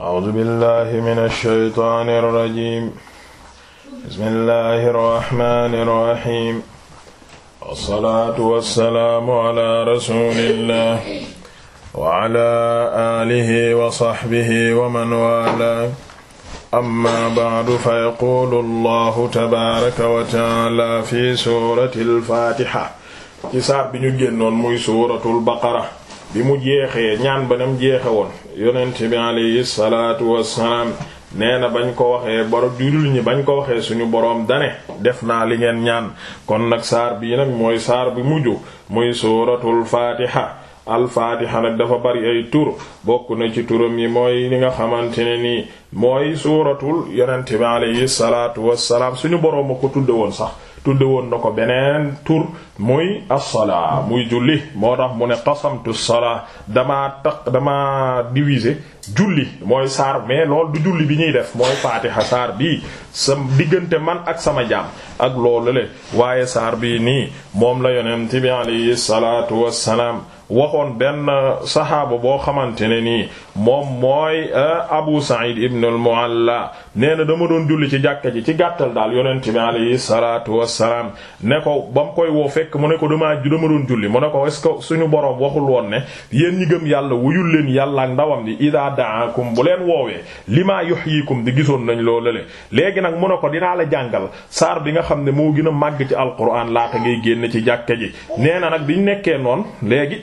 أعوذ بالله من الشيطان الرجيم بسم الله الرحمن الرحيم والصلاة والسلام على رسول الله وعلى آله وصحبه ومن والاه أما بعد فيقول الله تبارك وتعالى في سورة الفاتحة ci saar bi ñu génnoon muy suuratul baqara bi mu jeexee ñaan ba nam jeexe woon yonent bi alayhi salaatu wassalaam nee na bañ ko waxee borom judul ñi bañ ko waxee suñu boroom dane def naa li ngeen ñaan kon nag saar bii nag mooy saar bi mujj muy suuratul faatiha alfaatiha nag dafa bari ay tur bokk na ci turam yi mooy li nga xamante ne nii mooy suuratul yonent bi alayhi salaatu salaam suñu boroom a ko tudde woon sax tudde woon na ko beneen tur muy as-salaa muy julli moo tax mu ne qasamtu as-salaa dama taq damaa diviser julli mooy saar mais lool du julli bi ñuy def mooy faatiha saar bii sa diggante man ak sama jaam ak lool le waaye saar bi nii moom la yonent bi alayhi salaatu wassalaam waxoon benn saxaaba boo xamante ne nii moom mooy eh, Abu Sa'id ibn al-Mu'alla nee na dama doon julli ci jàkka ji ci gàttal daal yonent bi alayhi salaatu wassalaam ne ko ba koy woo fekk mu ne ko damaa dama doon julli mu ne ko est suñu boroom waxul woon ne yéen ñi gëm yàlla wuyul leen yàlla da'akum bu leen woowee lima yuhyikum di gisoon nañ loolu le léegi nag mu ne ko dinaa la jàngal saar bi nga xam ne moo gën a màgg ci alquran laata ngay génn ci jàkka ji nee na nag ñu nekkee noon léegi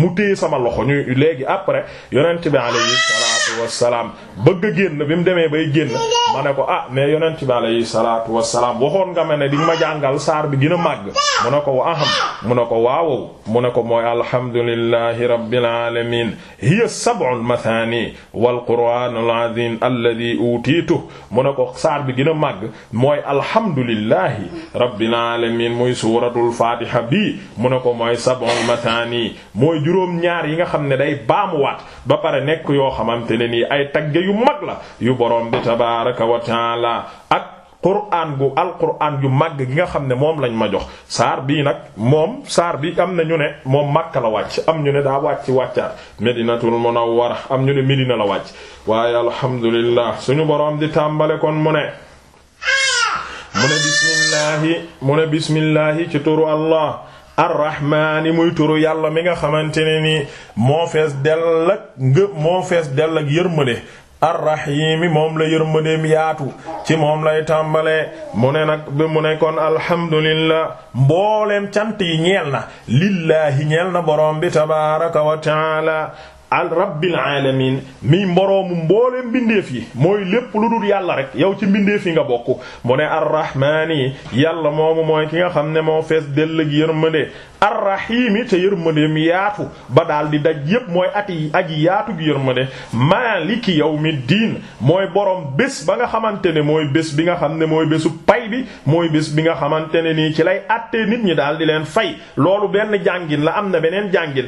mu téye sama loxo ñu léegi après yonent bi alayhi salaatu wassalaam bëgg a génn bi mu demee bay génn ma ne ko ah mais yonent bi alayhi salaatu wassalaam waxoon nga ma ne di ma jàngal saar bi gën màgg mu ne ko wa aham mu ne ko waawow mu ne ko mooy alhamdulillahi rabbil alamin hiya sab'ul mathani wal qur'anul azim alladhi utitu mu ne ko saar bi gën a màgg mooy alhamdulillahi rabbil alamin muy suratul fatiha bi mu ne ko mooy sab'ul mathani mooy juróom ñaar yi nga xam ne day baamuwaat ba pare nekk yoo xamante ne nii ay tagge yu mag la yu borom bi tabaaraka wa taala ak quraan gu alquraan yu màgg gi nga xam ne moom lañ ma jox saar bii nag moom saar bi am na ñu ne moom Makka la wàcc am ñu ne daa wàcc wàccaat Medinatul Munawwara am ñu ne Medina la wàcc waaye alhamdulillah suñu boroom di tàmbale kon mu ne mu ne bismillaahi mu ne bismillaahi ci turu Allah arrahmaani muy turu yàlla mi nga xamante ne nii moo fees dell ak ngë moo fees dell ak yërmande arrahimi moom la yërmandeem yaatu ci moom lay tàmbale mu ne nag bi mu ne kon alhamdulillah mbooleem cant yi ñeel na lillaahi ñeel na borom bi tabaaraka wa taala al rabbil alamin mi mboroomu mboolee mbindeef yi mooy lépp lu dul yàlla rek yow ci mbindeef yi nga bokk mu ne arrahmaani yàlla moomu mooy ki nga xam ne moo fees dell gi yërmande arrahimi te yërmandeem yaatu ba daal di daj yépp mooy ati aji yaatu gi yërmande maliki yawmiddin mooy boroom bés ba nga xamante ne mooy bés bi nga xam ne mooy bésu pay bi mooy bés bi nga xamante ne nii ci lay àttee nit ñi daal di leen fay loolu benn jàngin la am na beneen jàngin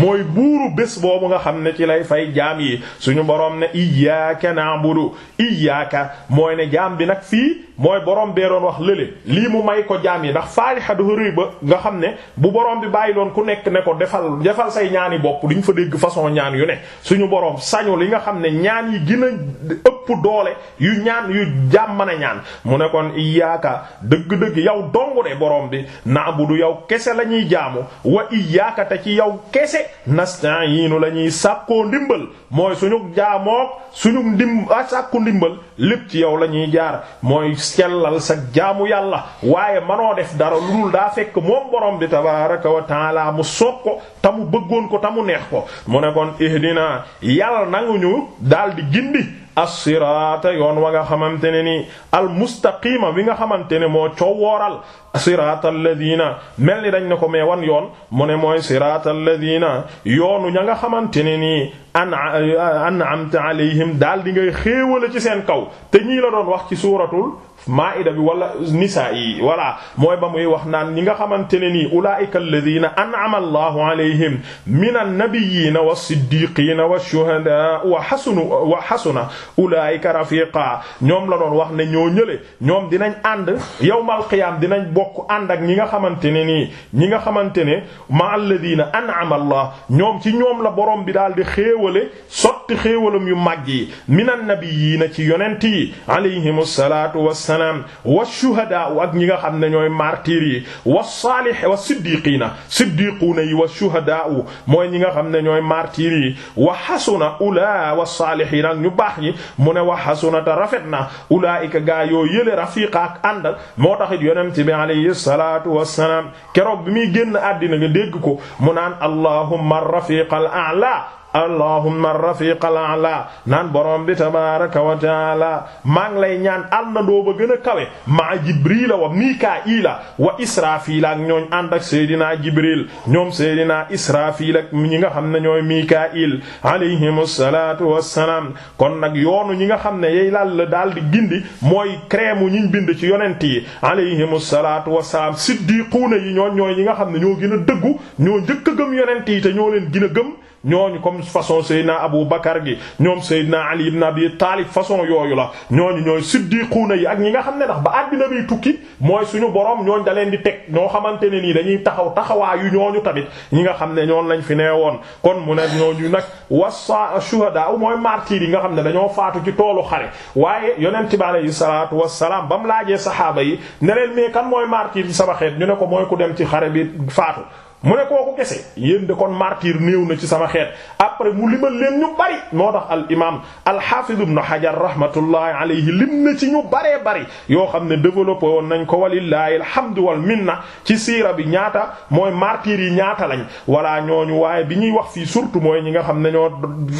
mooy buuru bés boobu nga xam ne ci lay fay jaam yi suñu boroom ne iyyaaka na'budu iyyaaka mooy ne jaam bi nag fii mooy borom bee doon wax lële lii mu may ko jaam yi ndax faatiha dafa rëy ba nga xam ne bu borom bi bàyyi doon ku nekk ne ko defal defal say ñaani bopp duñ fa dégg façon ñaan yu ne suñu borom sañu li nga xam ne ñaan yi gën ëpp doole yu ñaan yu jaam mën ñaan mu nekkoon kon iyyaka dëgg-dëgg yow dongu de borom bi du yow kese la ñuy jaamu wa iyyaka te ci yow kese nasta'iinu la ñuy sàkkoo ndimbal mooy suñu jaamoo suñu ndim sàkku ndimbal lépp ci yow la ñuy jaar mooy sellal sa jaamu yàlla waaye manoo def dara lu dul daa fekk moom borom bi tabaaraka wa taala mu soog ko te mu bëggoon ko te mu neex ko mu ne kon ihdina yàlla nanguñu daldi gindi assiraata yoon wa nga xamante ne ni almustaqima bi nga xamante ne moo coowooral siraata alladina mel ni dañ ne ko mais wan yoon mu ne mooy siraata alladina yoonu ña nga xamante ne nii an an'amta alayhim daal di ngay xéewale ci seen kaw te ñii doon wax ci suuratul maa'ida bi wala nisaa yi voilà mooy ba muy wax naan ñi nga xamante ne nii ulaa'ika alladhiina an'ama allahu alayhim minan nabiyyiina was-siddiqiina wash-shuhadaa wa hasunu wa hasuna ulaa'ika rafiiqa ñoom la doon wax ne ñoo ñële ñoom dinañ ànd yawmal qiyaam dinañ bokk ànd ak ñi nga xamante ne nii ñi nga xamante ne ma alladhiina an'ama allah ñoom ci ñoom la borom bi daal di xéewale sotti xéewalam yu màgg yi minan nabiyyiina ci yonent yi alayhimu salaatu wassalaam salaam wa shuhadaa ak ñi nga xam ne ñooy martyrs yi wa salih wa siddiqiina siddiquuna yi wa shuhadaa mooy ñi nga xam ne ñooy martyrs yi wa hasuna ulaa wa saalihiina ak ñu baax ñi mu ne wa hasuna ta rafet na ulaa'ika gaa yoo yële rafiqa ak àndal moo taxit yonent bi alayhi salaatu wa salaam keroog bi muy génn àddina nga dégg ko mu nan allahumma rafiqal a'la allahumma rafiq al-a'la naan borom bi tabaaraka wa taala maa ngi lay ñaan àndandoo ba gën a kawe maa jibrila wa mikaila wa israfila ak ñooñ ànd ak seydina jibril ñoom seydina israfil ak ñi nga xam ne ñooy mikail alayhim asalatu wassalaam kon nag yoonu ñi nga xam ne yey laal la daal di gindi mooy crème ñiñ bind ci yonent yi alayhim asalatu wassalaam siddiquuna yi ñooñ ñooy ñi nga xam ne ñoo gën a dëggu ñoo njëkk a gëm yonent te ñoo leen a gëm ñooñu comme façon Seydina Abu Bakar gi ñoom Seydina Ali ibn bii taali façon yooyu la ñooñu ñooy siddiquuna yi ak ñi nga xam ne ndax ba àddina bi tukki mooy suñu borom ñooñ da leen di teg ñoo xamante ne nii dañuy taxaw taxawaayu ñooñu tamit ñi nga xam ne ñoon lañ fi ne woon kon mu ne ñooñu nag wasa shuhada mooy martyr yi nga xam ne dañoo faatu ci toolu xare waaye yonent bi alayhi salaatu wassalaam ba mu laajee saxaaba yi ne leen kan mooy martyr yi sama xeet ñu ne ko mooy ku dem ci xare bi faatu mu ne kooku kese yéen de kon martyr néew na ci sama xeet après mu limal leen ñu bari moo tax al imam alhafiz ibn hajar rahmatullahi alayhi lim na ci ñu baree bari yoo xam ne développé woon nañ ko walillahi alhamdu wal minna ci siira bi ñaata mooy martyr yi ñaata lañ wala ñooñu waaye bi ñuy wax fii surtout mooy ñi nga xam ne ñoo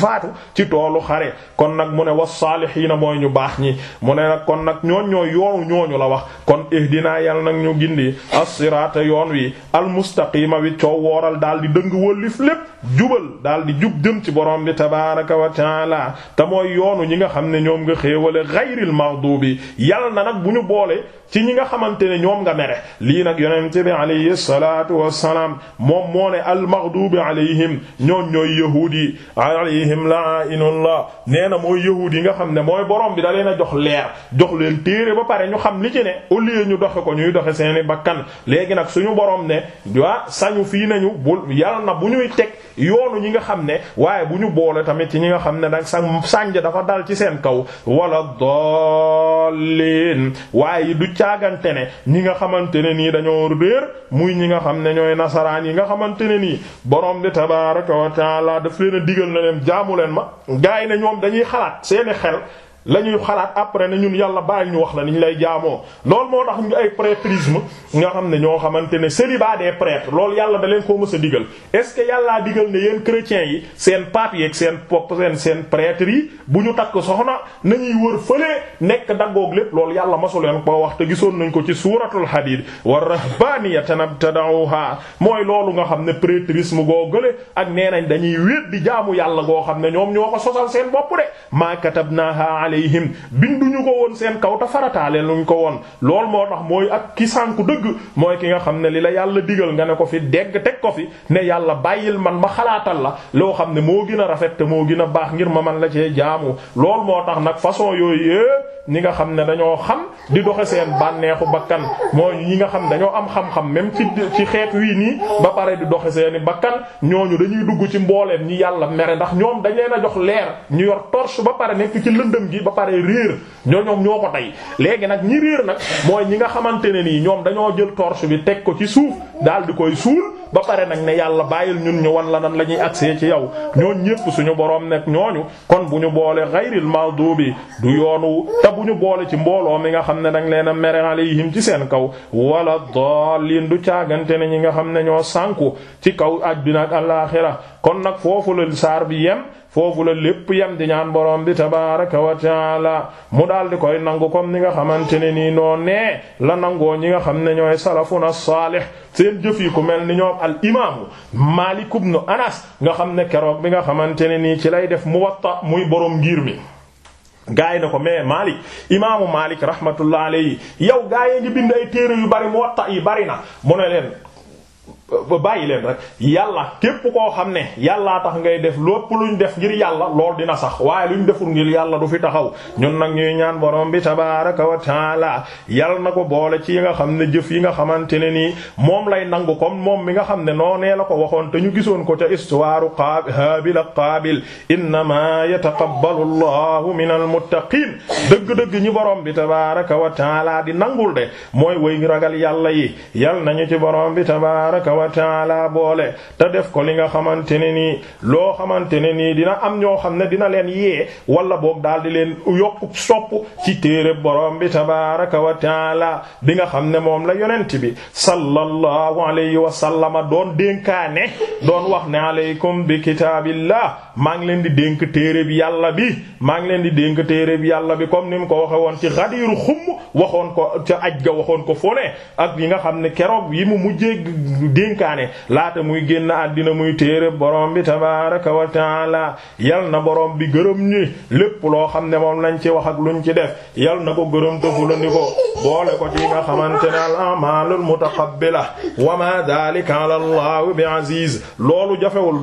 faatu ci toolu xare kon nag mu ne wassaalihiina mooy ñu baax ñi mu ne nag kon nag ñooñ ñooy yoonu ñooñu la wax kon ihdina yal nag ñu gindi as yoon wi al mustaqima wi coow wooral daal di dëng wëllif lépp jubal daal di jub jëm ci borom bi tabaaraka wa taala te mooy yoonu ñi nga xam ne ñoom nga xéewale gayril maghdubi yàlla na nag bu ñu boole ci ñi nga xamante ne ñoom nga mere lii nag yonent bi alayhi salaatu wassalaam moom moo ne al maghdubi alayhim ñoon ñooy yahuud yi alayhim la'inullah nee na mooy yahuud yi nga xam ne mooy boroom bi da leen a jox leer jox leen téere ba pare ñu xam li ci ne au lieu ñu doxe ko ñuy nañu fii nañu bu yal na bu ñuy teg yoonu ñi nga xam ne waaye bu ñu boole tamit ci ñi nga xam ne nag sa sànj dafa dal ci seen kaw wala dollin waaye du caagante ne ñi nga xamante ne nii dañoo réer muy ñi nga xam ne ñooy nasaraan yi nga xamante ne nii borom bi tabaaraka wa taala daf leen a digal na leen jaamu leen ma gaay ne ñoom dañuy xalaat seeni xel la ñuy xalaat après na ñun yàlla baa ñu wax la niñ lay jaamoo loolu moo tax ñu ay prêtrisme nga xam ne ñoo xamante ne célibat des prêtres lool yàlla da leen koo mës a digal est-ce que yàllaa digal ne yéen chrétiens yi seen pape yeeg seen pop seen seen prêtres yi bu ñu takk soxna ñuy wër fële nekk daggoog lépp loolu yàlla masu leen ko wax te gisoon nañ ko ci suuratul hadid wa rahbaniyatan abtada'uha mooy loolu nga xam ne prêtrisme goo gële ak nee dañuy wéet di yàlla goo xam ne ñoom ñoo ko alayhim binduñu ko woon seen kaw te farataalee luñ ko woon lool moo tax mooy ak ki sànku dëgg mooy ki nga xam ne li la yàlla digal nga ne ko fi dégg teg ko fi ne yàlla bàyyil man ma xalaatal la loo xam ne moo gën a rafet te moo gën a baax ngir ma man la cee jaamu lool moo tax nag façon yooyu yëpp ñi nga xam ne dañoo xam di doxe seen bànneexu bakkan mooy ñi nga xam dañoo am xam-xam même ci ci xeet wii nii ba pare di doxe seeni bakkan ñooñu dañuy dugg ci mbooleem ñi yàlla mere ndax ñoom dañ leen a jox leer yi ba pare réer ñoo ñoom ñoo ko tey léegi nag ñi réer nag mooy ñi nga xamante ne nii ñoom dañoo jël torche bi teg ko ci suuf daal di koy suul ba pare nag ne yàlla bàyyil ñun ñu wan la nan la ñuy accès ci yow ñoo ñépp suñu boroom nekk ñooñu bu ñu boole xayril magdubi du yoonu te bu ñu boole ci mbooloo mi nga xam ne dang leen a mere alayhim ci seen kaw wala daalliin du caagante ne ñi nga xam ne ñoo sanku ci kaw àddina ak alaaxira kon nag foofu la saar bi yem foofu la lépp yem di ñaan borom bi tabaaraka wa taala mu daal di koy nangu comme ni nga xamante ne ni noo nee la nangoo ñi nga xam ne ñooy salafuna saalih seen jëf yi ku mel ni ñoom al imaamu Maalik Anas nga xam ne keroog bi muy borom ngir mi gaa yi ne ko mais Malik imaamu Malik rahmatullah alayhi yow gaa yi ngi bind ay téere yu bari Muwatta yi bari na mu ne leen ba bàyyi leen rek yàlla képp koo xam ne yàllaa tax ngay def lu luñ def ngir yàlla lool dina sax waaye luñ deful ngir yàlla du fi taxaw ñun nag ñuy ñaan borom bi tabaaraka wa taala yàlla na ko boole ci yi nga xam ne jëf yi nga xamante ne nii moom lay nangu comme moom mi nga xam ne noonee la ko waxoon te ñu gisoon ko ca istuwaaru qaab haabil ak qaabil innamaa yataqabbalu allahu minal muttaqiin dëgg-dëgg ñi borom bi tabaaraka wa taala di nangul de mooy way ragal yàlla yi yàlla nañu ci borom bi tabaaraka wa taala boole te def ko li nga xamante ne nii loo xamante ne nii dina am ñoo xam ne dina leen yee wala boog daal di leen yokku sopp ci téere borom bi tabaraka wa taala bi nga xam ne moom la yonent bi sallallahu alayhi wa sallama doon dénkaane doon wax ne alaykum bi kitaabillah maa ngi leen di dénk téere bi yàlla bi maa ngi leen di dénk téere bi yàlla bi comme ni mu ko waxe woon ci xadiiru xumm waxoon ko ca aj ga waxoon ko fone ak yi nga xam ne keroog yi mu mujjee dénkaane laata muy génn àddina muy téere boroom bi tabaaraka wa taala yal na borom bi gërëm ñi lépp loo xam ne moom lañ ci wax ak luñ ci def yal na ko gërëm tëfulandi ko boole ko ci nga xamante ne al amalul mutaqabbila wa ma daalika ala allah bi aziz loolu jafewul